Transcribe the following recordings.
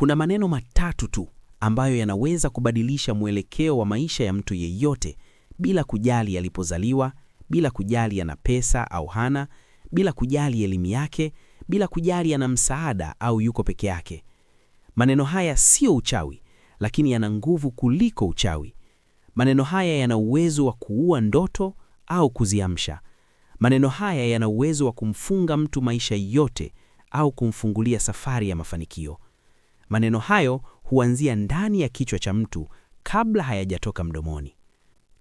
Kuna maneno matatu tu ambayo yanaweza kubadilisha mwelekeo wa maisha ya mtu yeyote, bila kujali alipozaliwa, bila kujali ana pesa au hana, bila kujali elimu yake, bila kujali ana msaada au yuko peke yake. Maneno haya sio uchawi, lakini yana nguvu kuliko uchawi. Maneno haya yana uwezo wa kuua ndoto au kuziamsha. Maneno haya yana uwezo wa kumfunga mtu maisha yote au kumfungulia safari ya mafanikio. Maneno hayo huanzia ndani ya kichwa cha mtu kabla hayajatoka mdomoni.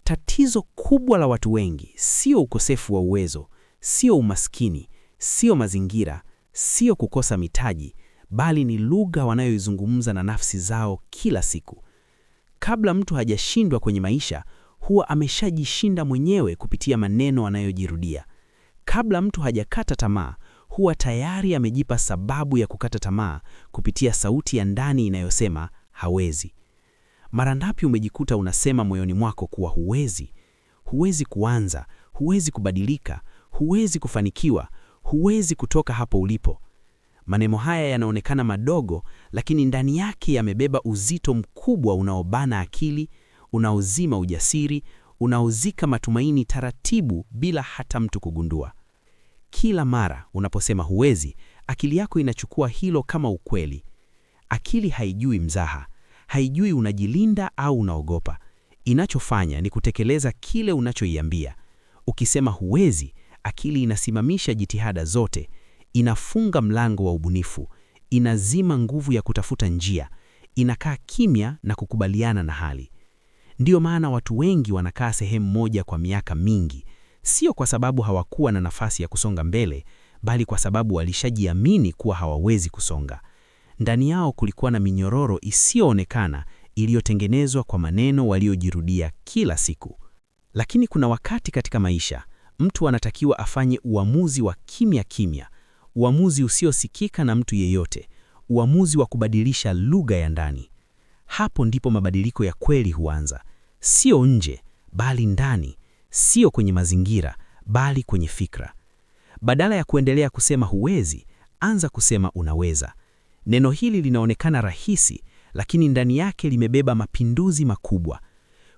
Tatizo kubwa la watu wengi sio ukosefu wa uwezo, sio umaskini, sio mazingira, sio kukosa mitaji, bali ni lugha wanayoizungumza na nafsi zao kila siku. Kabla mtu hajashindwa kwenye maisha, huwa ameshajishinda mwenyewe kupitia maneno anayojirudia. Kabla mtu hajakata tamaa, huwa tayari amejipa sababu ya kukata tamaa kupitia sauti ya ndani inayosema hawezi. Mara ngapi umejikuta unasema moyoni mwako kuwa huwezi, huwezi kuanza, huwezi kubadilika, huwezi kufanikiwa, huwezi kutoka hapo ulipo. Maneno haya yanaonekana madogo, lakini ndani yake yamebeba uzito mkubwa unaobana akili, unaozima ujasiri, unaozika matumaini taratibu bila hata mtu kugundua. Kila mara unaposema huwezi, akili yako inachukua hilo kama ukweli. Akili haijui mzaha, haijui unajilinda au unaogopa. Inachofanya ni kutekeleza kile unachoiambia. Ukisema huwezi, akili inasimamisha jitihada zote, inafunga mlango wa ubunifu, inazima nguvu ya kutafuta njia, inakaa kimya na kukubaliana na hali. Ndiyo maana watu wengi wanakaa sehemu moja kwa miaka mingi sio kwa sababu hawakuwa na nafasi ya kusonga mbele, bali kwa sababu walishajiamini kuwa hawawezi kusonga. Ndani yao kulikuwa na minyororo isiyoonekana iliyotengenezwa kwa maneno waliojirudia kila siku. Lakini kuna wakati katika maisha mtu anatakiwa afanye uamuzi wa kimya kimya, uamuzi usiosikika na mtu yeyote, uamuzi wa kubadilisha lugha ya ndani. Hapo ndipo mabadiliko ya kweli huanza, sio nje, bali ndani, sio kwenye mazingira, bali kwenye fikra. Badala ya kuendelea kusema huwezi, anza kusema unaweza. Neno hili linaonekana rahisi, lakini ndani yake limebeba mapinduzi makubwa.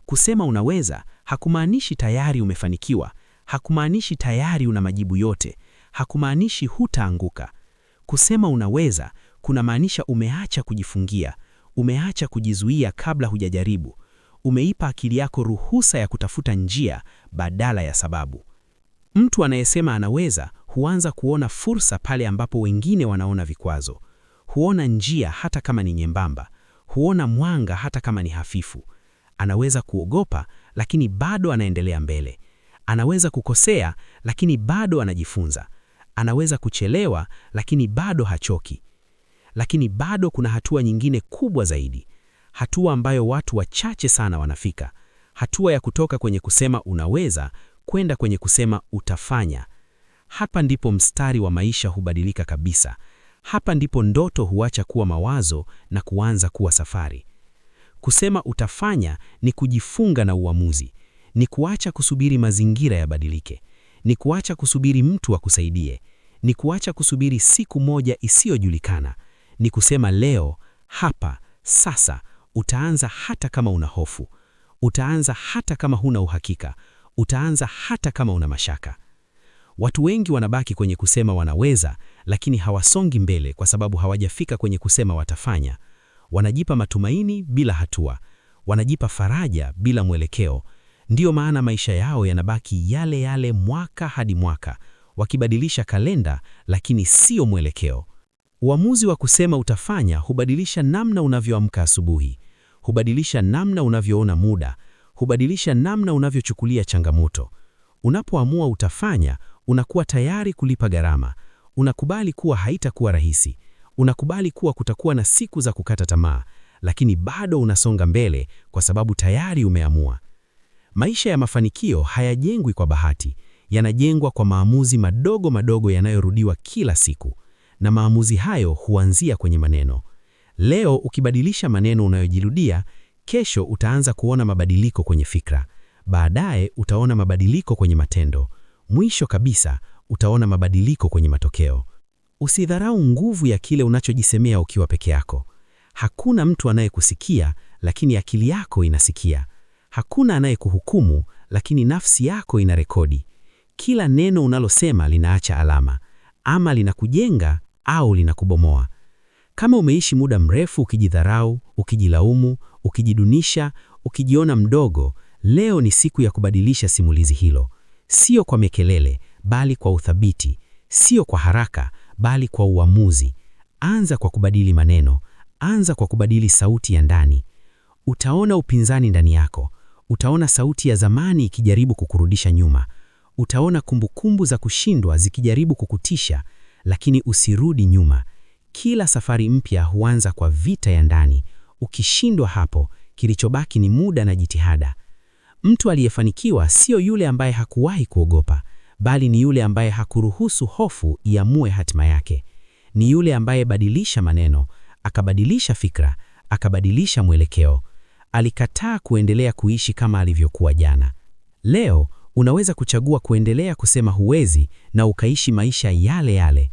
Kusema unaweza hakumaanishi tayari umefanikiwa, hakumaanishi tayari una majibu yote, hakumaanishi hutaanguka. Kusema unaweza kunamaanisha umeacha kujifungia, umeacha kujizuia kabla hujajaribu, umeipa akili yako ruhusa ya kutafuta njia badala ya sababu. Mtu anayesema anaweza huanza kuona fursa pale ambapo wengine wanaona vikwazo. Huona njia hata kama ni nyembamba, huona mwanga hata kama ni hafifu. Anaweza kuogopa lakini bado anaendelea mbele. Anaweza kukosea lakini bado anajifunza. Anaweza kuchelewa lakini bado hachoki. Lakini bado kuna hatua nyingine kubwa zaidi hatua ambayo watu wachache sana wanafika, hatua ya kutoka kwenye kusema unaweza kwenda kwenye kusema utafanya. Hapa ndipo mstari wa maisha hubadilika kabisa. Hapa ndipo ndoto huacha kuwa mawazo na kuanza kuwa safari. Kusema utafanya ni kujifunga na uamuzi, ni kuacha kusubiri mazingira yabadilike, ni kuacha kusubiri mtu akusaidie, ni kuacha kusubiri siku moja isiyojulikana, ni kusema leo, hapa, sasa, Utaanza hata kama una hofu, utaanza hata kama huna uhakika, utaanza hata kama una mashaka. Watu wengi wanabaki kwenye kusema wanaweza, lakini hawasongi mbele kwa sababu hawajafika kwenye kusema watafanya. Wanajipa matumaini bila hatua, wanajipa faraja bila mwelekeo. Ndiyo maana maisha yao yanabaki yale yale mwaka hadi mwaka, wakibadilisha kalenda lakini sio mwelekeo. Uamuzi wa kusema utafanya hubadilisha namna unavyoamka asubuhi hubadilisha namna unavyoona muda, hubadilisha namna unavyochukulia changamoto. Unapoamua utafanya, unakuwa tayari kulipa gharama, unakubali kuwa haitakuwa rahisi, unakubali kuwa kutakuwa na siku za kukata tamaa, lakini bado unasonga mbele kwa sababu tayari umeamua. Maisha ya mafanikio hayajengwi kwa bahati, yanajengwa kwa maamuzi madogo madogo yanayorudiwa kila siku, na maamuzi hayo huanzia kwenye maneno. Leo ukibadilisha maneno unayojirudia, kesho utaanza kuona mabadiliko kwenye fikra, baadaye utaona mabadiliko kwenye matendo, mwisho kabisa utaona mabadiliko kwenye matokeo. Usidharau nguvu ya kile unachojisemea ukiwa peke yako. Hakuna mtu anayekusikia, lakini akili yako inasikia. Hakuna anayekuhukumu, lakini nafsi yako inarekodi. Kila neno unalosema linaacha alama, ama linakujenga au linakubomoa. Kama umeishi muda mrefu ukijidharau, ukijilaumu, ukijidunisha, ukijiona mdogo, leo ni siku ya kubadilisha simulizi hilo, sio kwa mekelele, bali kwa uthabiti, sio kwa haraka, bali kwa uamuzi. Anza kwa kubadili maneno, anza kwa kubadili sauti ya ndani. Utaona upinzani ndani yako, utaona sauti ya zamani ikijaribu kukurudisha nyuma, utaona kumbukumbu za kushindwa zikijaribu kukutisha, lakini usirudi nyuma. Kila safari mpya huanza kwa vita ya ndani. Ukishindwa hapo, kilichobaki ni muda na jitihada. Mtu aliyefanikiwa sio yule ambaye hakuwahi kuogopa, bali ni yule ambaye hakuruhusu hofu iamue hatima yake. Ni yule ambaye badilisha maneno, akabadilisha fikra, akabadilisha mwelekeo. Alikataa kuendelea kuishi kama alivyokuwa jana. Leo unaweza kuchagua kuendelea kusema huwezi na ukaishi maisha yale yale.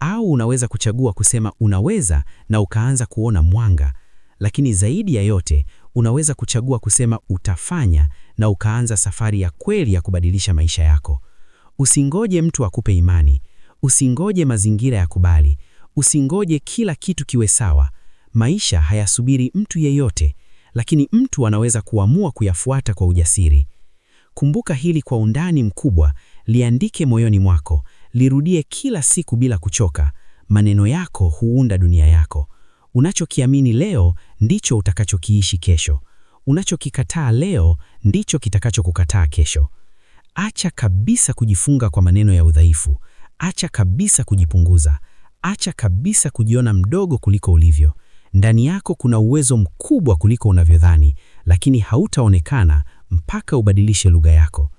Au unaweza kuchagua kusema unaweza na ukaanza kuona mwanga, lakini zaidi ya yote unaweza kuchagua kusema utafanya na ukaanza safari ya kweli ya kubadilisha maisha yako. Usingoje mtu akupe imani, usingoje mazingira ya kubali, usingoje kila kitu kiwe sawa. Maisha hayasubiri mtu yeyote, lakini mtu anaweza kuamua kuyafuata kwa ujasiri. Kumbuka hili kwa undani mkubwa, liandike moyoni mwako lirudie kila siku bila kuchoka. Maneno yako huunda dunia yako. Unachokiamini leo ndicho utakachokiishi kesho. Unachokikataa leo ndicho kitakachokukataa kesho. Acha kabisa kujifunga kwa maneno ya udhaifu. Acha kabisa kujipunguza. Acha kabisa kujiona mdogo kuliko ulivyo. Ndani yako kuna uwezo mkubwa kuliko unavyodhani, lakini hautaonekana mpaka ubadilishe lugha yako.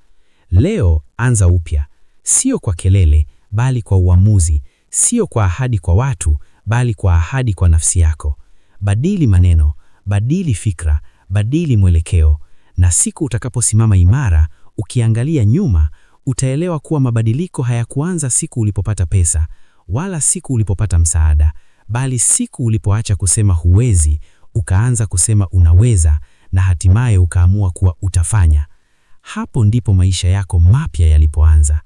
Leo anza upya sio kwa kelele, bali kwa uamuzi, sio kwa ahadi kwa watu, bali kwa ahadi kwa nafsi yako. Badili maneno, badili fikra, badili mwelekeo, na siku utakaposimama imara ukiangalia nyuma, utaelewa kuwa mabadiliko hayakuanza siku ulipopata pesa wala siku ulipopata msaada, bali siku ulipoacha kusema huwezi, ukaanza kusema unaweza, na hatimaye ukaamua kuwa utafanya. Hapo ndipo maisha yako mapya yalipoanza.